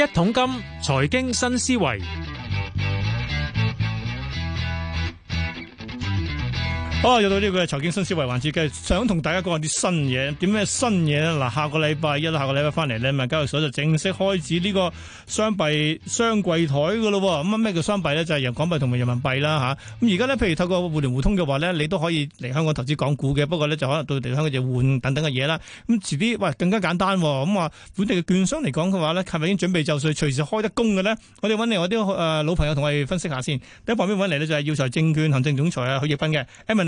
一桶金，財經新思維。哦，又到呢、這個財經新思維環節，想同大家講下啲新嘢，點咩新嘢嗱？下個禮拜一下個禮拜翻嚟呢，咪交易所就正式開始呢個雙幣雙櫃台噶咯。咁啊咩叫雙幣呢？就係、是、用港幣同埋人民幣啦吓。咁而家呢，譬如透過互聯互通嘅話呢，你都可以嚟香港投資港股嘅。不過呢，就可能到地香港就換等等嘅嘢啦。咁遲啲，喂，更加簡單、哦。咁話本地嘅券商嚟講嘅話呢，係咪已經準備就緒，隨時開得工嘅呢？我哋揾嚟另外啲誒老朋友同我哋分析一下先。喺旁邊揾嚟呢？就係耀才證券行政總裁啊許繹彬嘅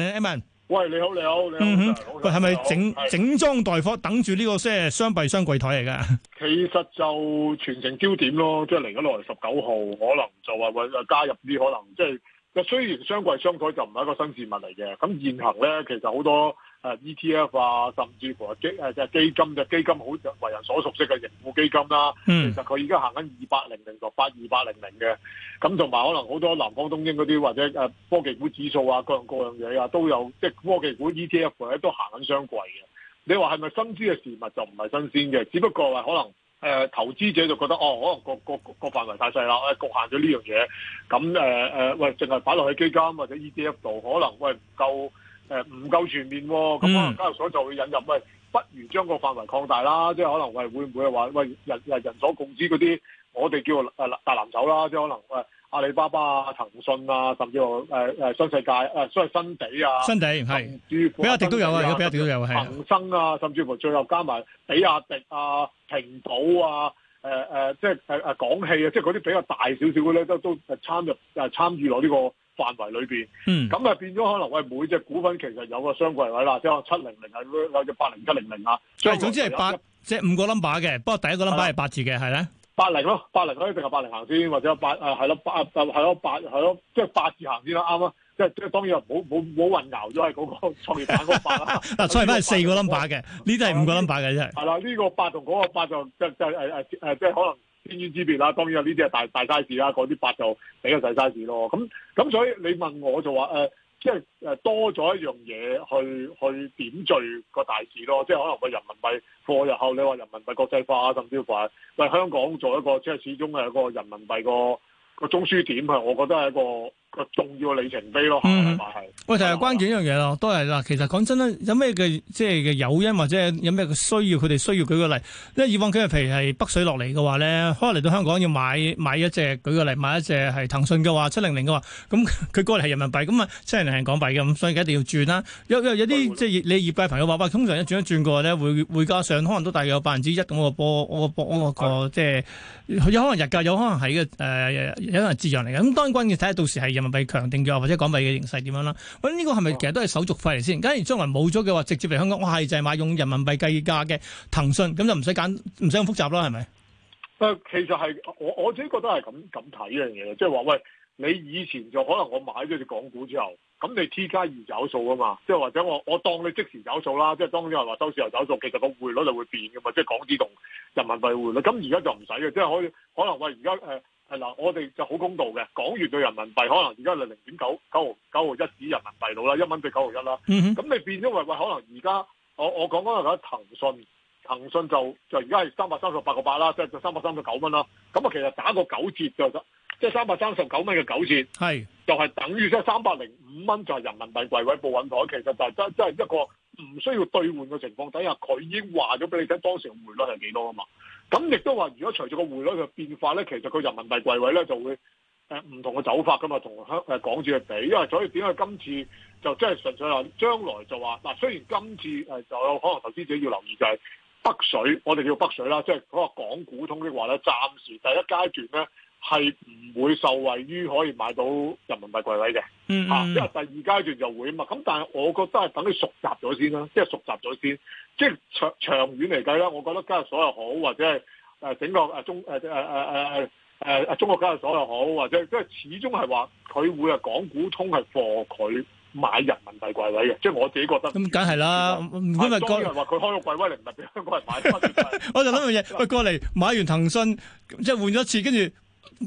Aman，喂你好你好，你好嗯哼，佢係咪整是整裝待火等住呢個即係雙幣雙櫃台嚟噶？其實就全程焦點咯，即係嚟緊落嚟十九號，可能就話會加入啲可能、就係，即係個雖然雙櫃雙台就唔係一個新事物嚟嘅，咁現行咧其實好多。誒、啊、ETF 啊，甚至乎基誒、啊、就係、是、基金，就基金好為人所熟悉嘅盈富基金啦、啊。嗯、其實佢而家行緊二八零零度，八二八零零嘅。咁同埋可能好多南方東英嗰啲或者誒、啊、科技股指數啊，各樣各樣嘢啊都有，即係科技股 ETF 咧、啊、都行緊雙櫃嘅。你話係咪新鮮嘅事物就唔係新鮮嘅？只不過喂，可能誒、呃、投資者就覺得哦，可能個個個範圍太細啦，誒、呃、侷限咗呢樣嘢。咁誒誒，喂，淨係擺落去基金或者 ETF 度，可能喂唔夠。誒唔、呃、夠全面喎、哦，咁可能交易所就會引入，喂、哎，不如將個範圍擴大啦，即係可能係會唔會話喂，人人人所共知嗰啲，我哋叫做誒大藍籌啦，即係可能誒阿里巴巴啊、騰訊啊，甚至乎誒、呃、新世界、誒、啊、所謂新地啊、新地係，甚至比亞迪都有啊，啊比亞迪都有、啊，恒生啊，甚至乎最後加埋比亞迪啊、平保啊、誒誒即係誒誒港氣啊，即係嗰啲比較大少少嗰啲都都誒參與誒參與攞呢、這個範圍裏邊，咁啊、嗯 Gross. 嗯、變咗可能我哋每隻股份其實有個雙櫃位啦，即係七零零啊，有隻八零七零零啊，所以總之係八即係五個冧把嘅，不過第一個冧把係八字嘅，係咧八零咯，八零可以定係八零行先，或者八誒係咯八係咯八係咯，即係八字行先啦，啱啊，即係即係當然唔好唔好唔好混淆咗係嗰個創業板嗰個八啦。嗱創業板係四個冧把嘅，呢啲係五個冧把嘅啫。係啦，呢個八同嗰個八就即、係、係可能。天壤之別啦，當然有呢啲係大大 size 啦，嗰啲八就比較細 size 咯。咁咁所以你問我就話誒，即係誒多咗一樣嘢去去點綴個大市咯，即係可能個人民幣貨日後，你話人民幣國際化甚至乎係為香港做一個，即係始終係一個人民幣個個中樞點，係我覺得係一個個重要嘅里程碑咯，係、嗯、喂，就係關鍵一樣嘢咯，都係啦。其實講真啦，有咩嘅即係嘅誘因或者有咩嘅需要，佢哋需要舉個例。因為以往佢譬如係北水落嚟嘅話咧，可能嚟到香港要買買一隻，舉個例買一隻係騰訊嘅話，七零零嘅話，咁佢過嚟係人民幣，咁啊七零零係港幣嘅，咁所以一定要轉啦。有有啲對即係你業界朋友話，喂，通常一轉一轉過咧，會會加上可能都大約有百分之一咁個波，我對個波，我個即係，有可能日價，有可能係嘅誒，有可能自然嚟嘅。咁、呃、當然關鍵睇下到時係。人民幣強定弱，或者港幣嘅形勢點樣啦？咁、這、呢個係咪其實都係手續費嚟先？假如將來冇咗嘅話，直接嚟香港，我、哎、係就係、是、買用人民幣計價嘅騰訊，咁就唔使揀，唔使咁複雜啦，係咪？誒、呃，其實係我我自己覺得係咁咁睇呢樣嘢即係話喂，你以前就可能我買咗隻港股之後，咁你 T 加二走有數啊嘛？即係或者我我當你即時走數啦，即係當你話收市又走數，其實個匯率就會變噶嘛，即係港紙同人民幣匯率。咁而家就唔使嘅，即係可以可能喂而家誒。係啦，我哋就好公道嘅，港元對人民幣可能而家係零點九九毫九毫一指人民幣到啦，一蚊對九毫一啦。咁、hmm. 你變咗話，話可能而家我我講嗰個騰訊，騰訊就就而家係三百三十八個八啦，即係就三百三十九蚊啦。咁啊，其實打個九折就得，即係三百三十九蚊嘅九折，係就係、是、等於即係三百零五蚊就係人民幣櫃位報揾台，其實就真真係一個唔需要兌換嘅情況底下，佢已經話咗俾你聽當時匯率係幾多啊嘛。咁亦都話，如果隨住個匯率嘅變化咧，其實佢人民幣櫃位咧就會呃、唔同嘅走法噶嘛，同香、呃、港紙去比。因為所以點解今次就即係純粹話將來就話嗱，雖然今次、呃、就有可能投資者要留意就係北水，我哋叫北水啦，即係嗰個港股通的話咧，暫時第一階段咧，係唔會受惠於可以買到人民幣櫃位嘅，嗯嗯啊，因為第二階段就會啊嘛。咁但係我覺得係等佢熟習咗先啦，即係熟習咗先，即係長長遠嚟計咧，我覺得交易所又好，或者係誒、呃、整個誒中誒誒誒誒誒誒中國交易所又好，或者即係始終係話佢會係港股通係俾佢買人民幣櫃位嘅，即係我自己覺得。咁梗係啦，因為多人話佢開到櫃位嚟唔係俾香港人買。我就諗樣嘢，佢過嚟買完騰訊，即係 換咗次，跟住。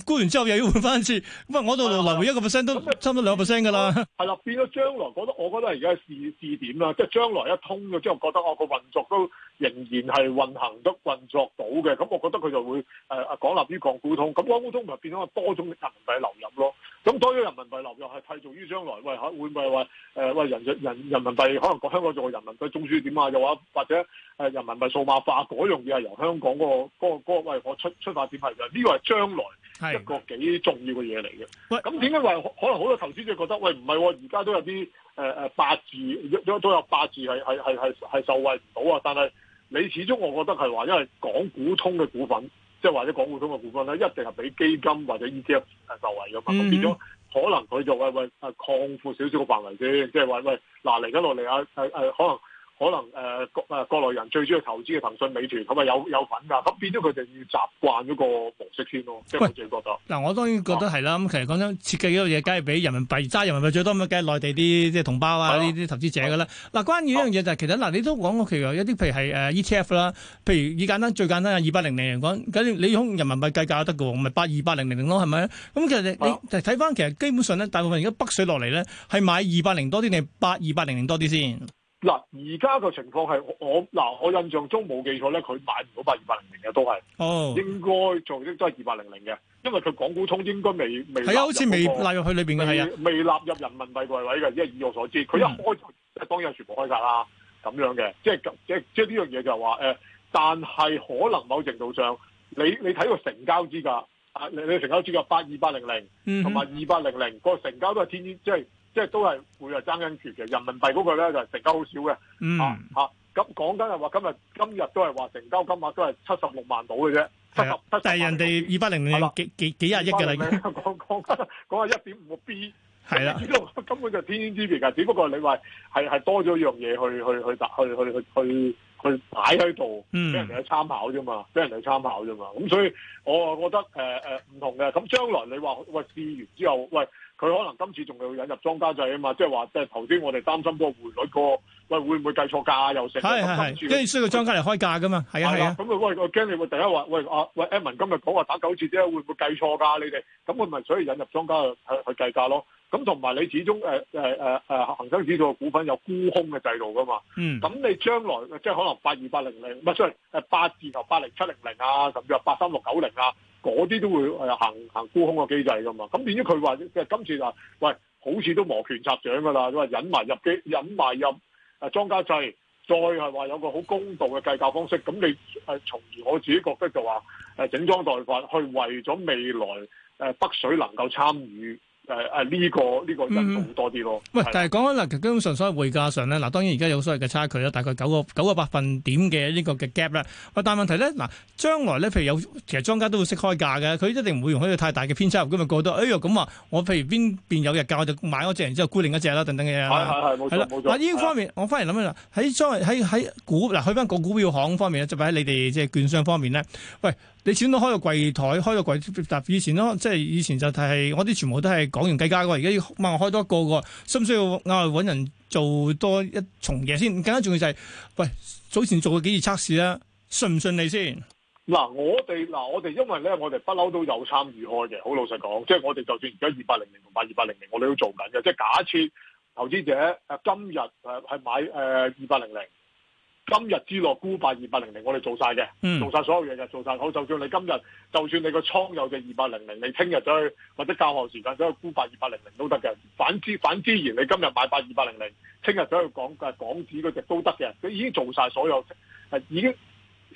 沽完之後又要換翻一次，唔係我度留一個 percent 都差唔多兩個 percent 噶啦。係啦、哎哎哎就是就是，變咗將來，我覺得我覺得而家係試試點啦，即係將來一通咗之後，覺得我個運作都仍然係運行得運作到嘅，咁我覺得佢就會誒講立於港股通，咁港股通咪變咗多種嘅人民幣流入咯咁多咗人民幣流入係替做於將來，喂會唔會話喂、喂、呃、人人人、人民幣可能港香港做人民幣中轉點啊？又話或者、呃、人民幣數碼化嗰樣嘢係由香港、嗰個、嗰個個喂我出出發點係㗎？呢、呢個係將來一個幾重要嘅嘢嚟嘅。咁點解話可能好多投資者覺得喂唔係喎？而家、哦、都有啲誒、呃、八字，都有八字係係係係係受惠唔到啊！但係你始終我覺得係話因為港股通嘅股份。即係或者港股通嘅股份咧，一定係俾基金或者 ETF 係受惠噶嘛，mm hmm. 變咗可能佢就喂喂啊擴闊少少嘅範圍先，即係話喂嗱嚟緊落嚟啊誒誒可能。可能誒、呃、國誒、呃、國內人最主要投資嘅騰訊、美團，咁啊有有，有份㗎，咁變咗佢哋要習慣嗰個模式先咯。即、就、我、是、自己覺得？嗱、呃，我當然覺得係啦。咁、啊嗯、其實講緊，設計嗰個嘢，梗係俾人民幣揸人民幣最多，咁梗係內地啲即係同胞啊，呢啲、啊、投資者㗎啦。嗱、啊啊，關於呢樣嘢就係、是、其實嗱、啊，你都講過，其實有啲譬如係誒 ETF 啦，譬如以簡單最簡單係二八零零嚟講，咁你用人民幣計價得㗎喎，咪八二八零零零咯，係咪？咁其實、啊、你睇翻，其實基本上咧，大部分而家北水落嚟咧，係買二八零多啲定係八二八零零多啲先？嗱，而家個情況係我嗱，我印象中冇記錯咧，佢買唔到八二八零零嘅都係哦，oh. 應該做嘅都係二八零零嘅，因為佢港股通應該未未係啊，好似未納入去裏面嘅係啊，未冇、係啊、納入人民幣櫃位嘅，因為以我所知，佢一開就、mm. 當日全部開晒啦咁樣嘅，即係即即係呢樣嘢就話、呃、但係可能某程度上你你睇個成交資格、啊、你你成交資格八二八零零同埋二八零零個成交都係天天即係。即係都係會係爭緊錢嘅，其實人民幣嗰個咧就係、是、成交好少嘅，嚇嚇、嗯。咁、啊啊、講緊係話今日今日都係話成交金額都係七十六萬到嘅啫，七十但係人哋二百零零幾幾幾廿億嘅啦。講講講下一點五個 B 係啦的，根本就天淵之別噶，只不過你話係係多咗樣嘢去去去打去去去去擺喺度，俾、嗯、人哋去參考啫嘛，俾人哋去參考啫嘛。咁所以我覺得誒誒唔同嘅。咁將來你話喂、呃、試完之後喂？佢可能今次仲要引入莊家制啊嘛，即係話，即係頭先我哋擔心嗰個匯率個。喂，會唔會計錯價、啊、又成？係係的，跟住需要莊家嚟開價噶嘛？係啊係啊。咁喂，我驚你會第一話，喂啊，喂，Edmond 今日講話打九折啫，會唔會計錯價、啊？你哋咁佢咪所以引入莊家去去，去計價咯？咁同埋你始終誒誒誒誒恆生指數嘅股份有沽空嘅制度噶嘛？咁、嗯、你將來即係可能八二八零零，唔係 sorry 八字頭八零七零零啊，甚至八三六九零啊，嗰啲都會誒、呃、行行沽空嘅機制噶嘛？咁變咗佢話即係今次啊，喂，好似都磨拳擦掌噶啦，佢、就、話、是、引埋入機，引埋入。誒莊家制，再係話有個好公道嘅計價方式，咁你誒從而我自己覺得就話誒整裝待發，去為咗未來誒北水能夠參與。誒誒呢個呢、這個因素多啲咯。喂、嗯，的但係講緊嗱，基本上所謂匯價上咧，嗱當然而家有所謂嘅差距啦，大概九個九個百分點嘅呢個嘅 gap 啦。喂，但係問題咧，嗱將來咧，譬如有其實莊家都會識開價嘅，佢一定唔會容許太大嘅偏差，咁咪過多。哎呀，咁話我譬如邊邊有日價，我就買嗰隻，然之後沽另一隻啦，等等嘅嘢。係冇錯嗱呢方面，的我返嚟諗起啦，喺將喺喺股嗱去返個股票行方面咧，就喺、是、你哋即係券商方面咧。喂，你始終都開個櫃台，開個櫃，以前咯，即係以前就係、是、我啲全部都係。講完計價喎，而家要我開多一個喎，需唔需要嗌揾人做多一重嘢先？更加重要就係，喂，早前做過幾次測試啦，順唔順利先？嗱，我哋嗱我哋因為咧，我哋不嬲都有參與開嘅，好老實講，即係我哋就算而家二八零零同埋八二八零零，我哋都做緊嘅，即係假設投資者、呃、今日係、呃、買誒二八零零。呃今日之內沽82800，200，我哋做晒嘅，做晒所有嘢就做晒。好，就算你今日就算你個倉有嘅2800，你聽日走去或者教學時間走去沽82800都得嘅。反之反之，而你今日買82800，聽日走去講嘅港紙嗰隻都得嘅。佢已經做晒所有，係已經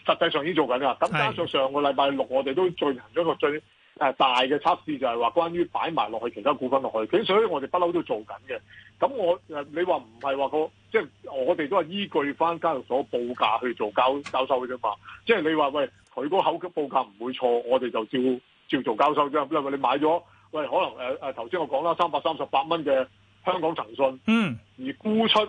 實際上已經做緊啦。咁加上上個禮拜六，我哋都進行咗個最。誒，大嘅測試就係話關於擺埋落去其他股份落去，咁所以我哋不嬲都做緊嘅。咁我誒，你話唔係話個即係我哋都係依據翻交易所報價去做交交收嘅啫嘛。即係你話喂，佢嗰口級報價唔會錯，我哋就照照做交收啫。因為你買咗，喂，可能誒誒頭先我講啦，三百三十八蚊嘅香港騰訊，嗯，而沽出誒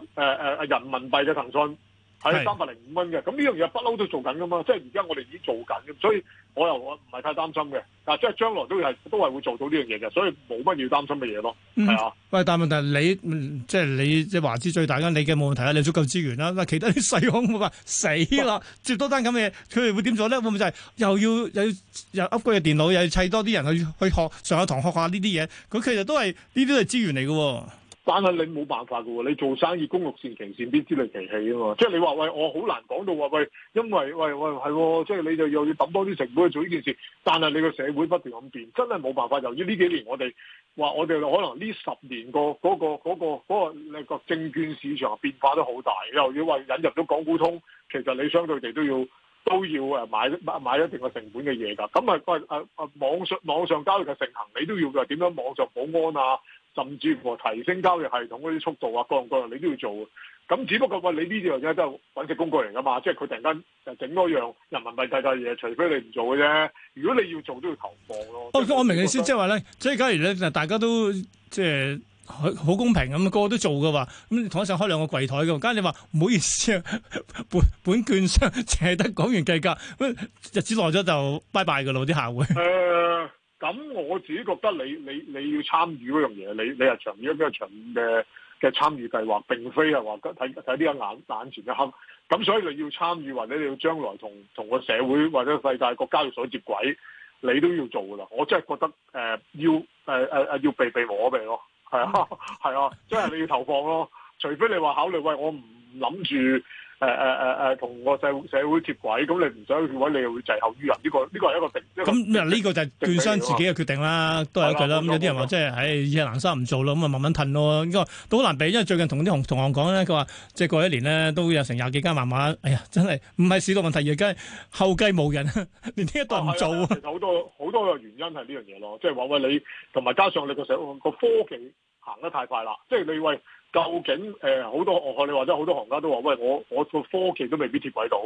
人民幣嘅騰訊。係三百零五蚊嘅，咁呢是樣嘢不嬲都做緊噶嘛，即係而家我哋已經做緊，所以我又唔係太擔心嘅。嗱，即係將來都係都係會做到呢樣嘢嘅，所以冇乜要擔心嘅嘢咯。係啊、嗯，喂，但係問題你即係、嗯就是、你即係華資最大啦，你嘅冇問題啦，你足夠資源啦。嗱，其他啲細行嘅話死啦，不接多單咁嘅嘢，佢哋會點做咧？會唔會就係又要又要又 upgrade 電腦，又要砌多啲人去去學上學一下堂學下呢啲嘢？佢其實都係呢啲都係資源嚟嘅。但係你冇辦法㗎喎，你做生意公陸線、騎線，邊知你騎起啊嘛？即係你話喂，我好難講到話喂，因為喂喂係喎，即係、就是、你就要揼多啲成本去做呢件事。但係你個社會不斷咁變，真係冇辦法。由於呢幾年我哋話我哋可能呢十年、個嗰、個嗰、個嗰、個誒、個你個證券市場變化都好大，又要話引入咗港股通，其實你相對地都要都要買，買一定個成本嘅嘢㗎。咁啊，啊網上網上交易嘅盛行，你都要嘅點樣網上保安啊？甚至乎提升交易系統嗰啲速度啊，各樣各樣你都要做。咁只不過你呢樣嘢都係揾隻工具嚟㗎嘛，即係佢突然間就整多樣人民幣計價嘢，除非你唔做嘅啫。如果你要做，都要投放咯。我明明意思即係話咧，即係假如咧大家都即係好公平咁，個個都做嘅話，咁你同一上開兩個櫃枱嘅，咁你話唔好意思，本本券商淨係得講完計價，日子耐咗就拜拜嘅啦，啲客戶。Uh 咁我自己覺得你你你要參與嗰樣嘢，你你係長遠嘅，比較長遠嘅嘅參與計劃，並非係話睇睇呢個眼眼前一黑咁，所以你要參與或者你要將來同同個社會或者世界各國家要所接軌，你都要做噶啦。我真係覺得誒、呃、要誒誒誒要避避無可避咯，係啊係啊，即係、啊啊、你要投放咯，除非你話考慮餵我唔諗住。誒誒誒同個社會社會接軌，咁你唔想接軌，你又會滯後於人，呢、這個呢、這個係一個定。咁呢個就券商自己嘅決定啦，都有、啊、一句啦。咁有啲人話即係，喺、哎、夜南山唔做咯，咁啊慢慢褪咯。呢個都好難避，因為最近同啲同同行講咧，佢話即係過一年咧都有成廿幾間慢慢。哎呀，真係唔係市道問題，而家後繼冇人哈哈連連呢一度唔做啊！有好多好多嘅原因係呢樣嘢咯，即係話喂你，同、哎、埋加上你個社會個科技行得太快啦，即係你為。喂究竟誒好、呃、多我你話者好多行家都話，喂我我個科技都未必貼鬼到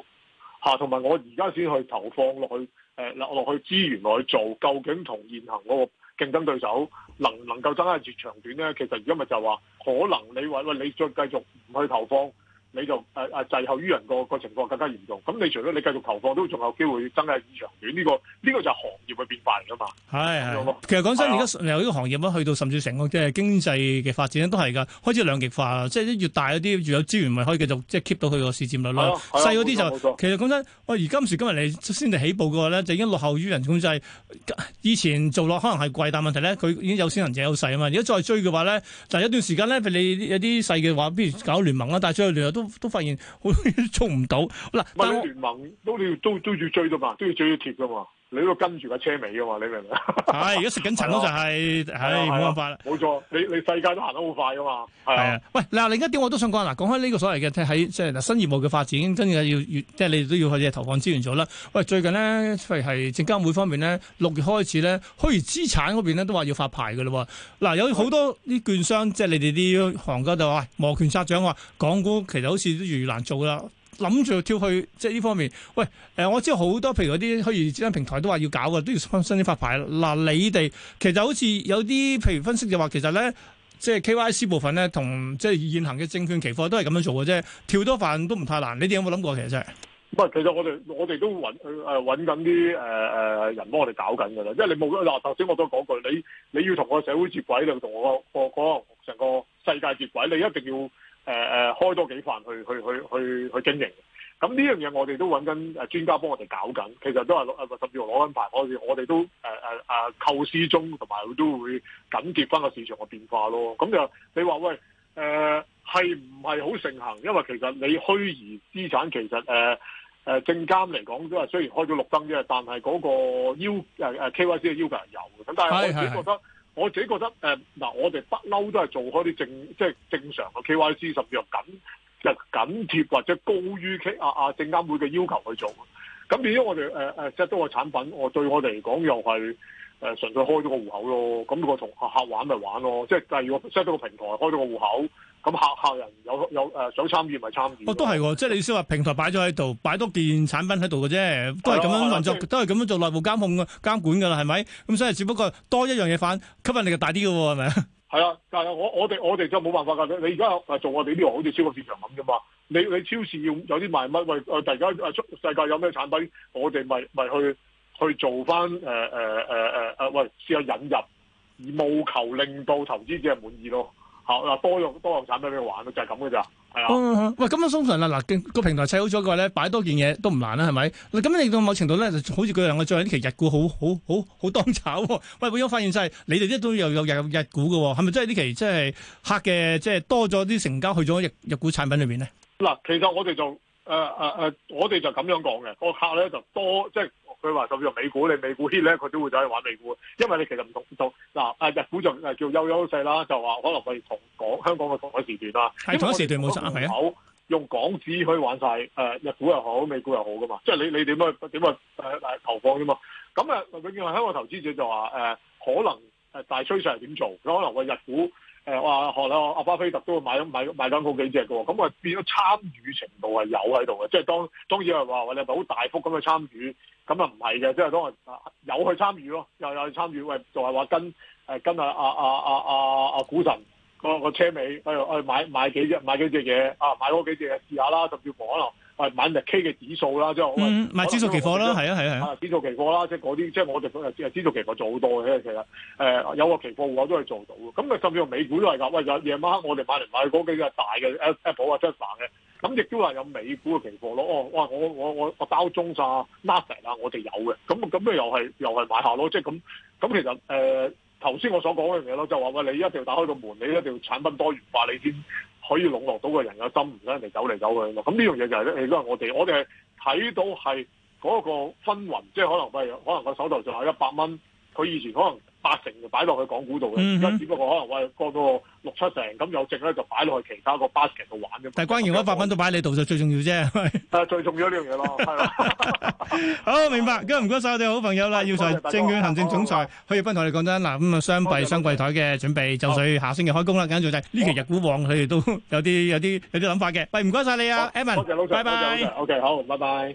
嚇，同、啊、埋我而家先去投放落去落落、呃、去資源落去做，究竟同現行嗰個競爭對手能唔能夠爭得越長短咧？其實而家咪就話，可能你話喂你再繼續唔去投放。你就誒誒滯後於人個個情況更加嚴重。咁你除咗你繼續投放，都仲有機會增加長短。呢、這個呢、這個就係行業嘅變化嚟噶嘛。係啊，其實講真，而家由呢個行業去到甚至成個即係經濟嘅發展都係噶開始兩極化。即係越大嗰啲，越有資源咪可以繼續即係 keep 到佢個市佔率咯。細嗰啲就、啊、錯其實講真，我錯而今時今日你先嚟起步嘅話咧，就已經落後於人。咁制。以前做落可能係貴，但問題咧佢已經有先行者有勢啊嘛。如果再追嘅話咧，就有一段時間咧，譬如你有啲細嘅話，不如搞聯盟啦，但出去。聯盟都。都，都發現呵呵做唔到嗱，你聯盟都要都都要追㗎嘛，都要追啲貼㗎嘛。你都跟住個車尾噶嘛，你明唔明？係， 而家食緊塵咯，就係，係冇辦法。冇錯，你你世界都行得好快噶嘛。係啊，啊，喂，嗱，另外一點我都想講啦。講開呢個所謂嘅，即係即係嗱，新業務嘅發展，跟住要即係你哋都要去投放資源咗啦。喂，最近咧，譬如係證監會方面咧，六月開始咧，虛擬資產嗰邊咧都話要發牌噶啦。嗱，有好多啲券商，喂即係你哋啲行家就話摩拳擦掌，話港股其實好似越越難做啦。諗住跳去即係呢方面，喂，誒、呃，我知道好多，譬如嗰啲虛擬資產平台都話要搞嘅，都要申申請發牌嗱，你哋其實好似有啲，譬如分析就話，其實咧，即係 K Y C 部分咧，同即係現行嘅證券期貨都係咁樣做嘅啫，跳多飯都唔太難。你哋有冇諗過其實真係？唔係，其實我哋我哋都搵誒搵緊啲誒誒人幫我哋搞緊噶啦，因為你冇嗱。頭先我都講句，你你要同個社會接軌，你同我我個成個世界接軌，你一定要。誒誒、呃，開多幾範去去去去去經營，咁呢樣嘢我哋都揾緊專家幫我哋搞緊，其實都係、啊、十月攞緊牌，我我哋都構思、啊啊、中，同埋都會緊貼翻個市場嘅變化咯。咁就你話喂係唔係好盛行？因為其實你虛擬資產其實、呃呃、證監嚟講都係雖然開咗綠燈啫，但係嗰個 KYC 嘅要求係有咁但係我自己覺得。我自己覺得誒嗱、呃，我哋不嬲都係做開啲正即係正常嘅 K Y C，甚至緊，又緊貼或者高於 K, 啊啊證監會嘅要求去做。咁變咗我哋誒誒 set 到個產品，我對我哋嚟講又係誒、呃、純粹開咗個戶口咯。咁我同客客玩咪玩咯，即係第如果 set 到個平台開咗個戶口。咁客客人有有誒、呃、想參與咪參與？哦，都係喎，即係你意思話平台擺咗喺度，擺多件產品喺度嘅啫，都係咁樣運作，都係咁樣做內部監控、監管㗎啦，係咪？咁所以只不過多一樣嘢反吸引力大啲嘅喎，係咪？係啊，但係我我哋我哋就冇辦法㗎，你而家做我哋呢個好似超級市場咁啫嘛，你你超市要有啲賣乜？喂，大家出世界有咩產品，我哋咪咪去去做翻誒誒誒誒誒，喂試下引入，而務求令到投資者滿意咯。好多用多用產品俾佢玩咯，就係咁嘅咋，係、哦嗯呃嗯嗯、啊。喂，咁啊，通常啦，嗱，個平台砌好咗嘅話咧，擺多件嘢都唔難啦，係咪？咁令到某程度咧，就好似佢兩個最近呢期日股好好好好當炒、喔。喂，我有發現就係，你哋啲都有有入日股嘅，係咪即係呢期即係客嘅即係多咗啲成交去咗日日股產品裏面咧？嗱、嗯，其實我哋就誒誒誒，我哋就咁樣講嘅，個客咧就多即係。就係佢話：就叫做美股，你美股呢，咧，佢都會走去玩美股。因為你其實唔同唔同嗱、啊，日股就誒叫優優勢啦，就話可能我哋同港香港嘅港時段啦，係港的時段冇錯啊，係的用港紙去玩曬、呃、日股又好，美股又好噶嘛。即係你你點啊點啊投放啫嘛。咁啊，永遠香港投資者就話、呃、可能大趨勢係點做？可能我日股。誒話學啊阿、啊、巴菲特都會買買買，買幾隻㗎喎，咁啊變咗參與程度係有喺度嘅，即、就、係、是、當當然係話喂你咪好大幅咁去參與，咁啊唔係嘅，即、就、係、是、當有去參與囉，又有去參與，喂、欸、就係、是、話跟誒跟啊啊啊啊啊股神個、那個車尾，誒誒買幾隻買幾隻嘢、啊，買嗰幾隻嘢試下啦，甚至無可能。買日 K 嘅指數啦，即係我唔係指數期貨啦，係啊係係啊，指數期貨啦，係啊、即係嗰啲，即係我哋誒指數期貨做好多嘅，其實誒、呃、有個期貨我都係做到嘅，咁啊甚至乎美股都係㗎，喂，夜夜晚黑我哋買嚟買去嗰幾隻大嘅 Apple 啊、Tesla 嘅，咁亦都係有美股嘅期貨咯。哦，哇，我我我包中晒 Nasdaq，我哋、啊啊、有嘅，咁咁又係又係買下咯，即係咁咁其實誒頭先我所講嗰樣嘢咯，就話喂你一定要打開個門，你一定要產品多元化，你先。可以籠絡到個人有心，唔想人哋走嚟走去。咁呢樣嘢就係咧，亦我哋，我哋睇到係嗰個氛圍，即係可能喂，可能我手頭就係一百蚊，佢以前可能八成就擺落去港股度嘅，而家只不過可能喂過咗。出成咁有剩咧，就擺落去其他個 basket 度玩啫。但係關鍵嗰八蚊都擺你度就最重要啫。係啊，最重要呢樣嘢咯，係啦。好，明白。咁啊，唔該曬我哋好朋友啦。耀才證券、行政總裁許繹彬同我哋講真嗱，咁啊雙幣、雙櫃台嘅準備，就緒，下星期開工啦。跟住就係呢期日股王，佢哋都有啲、有啲、有啲諗法嘅。喂，唔該曬你啊，Evan。多謝老實。拜拜。OK，好，拜拜。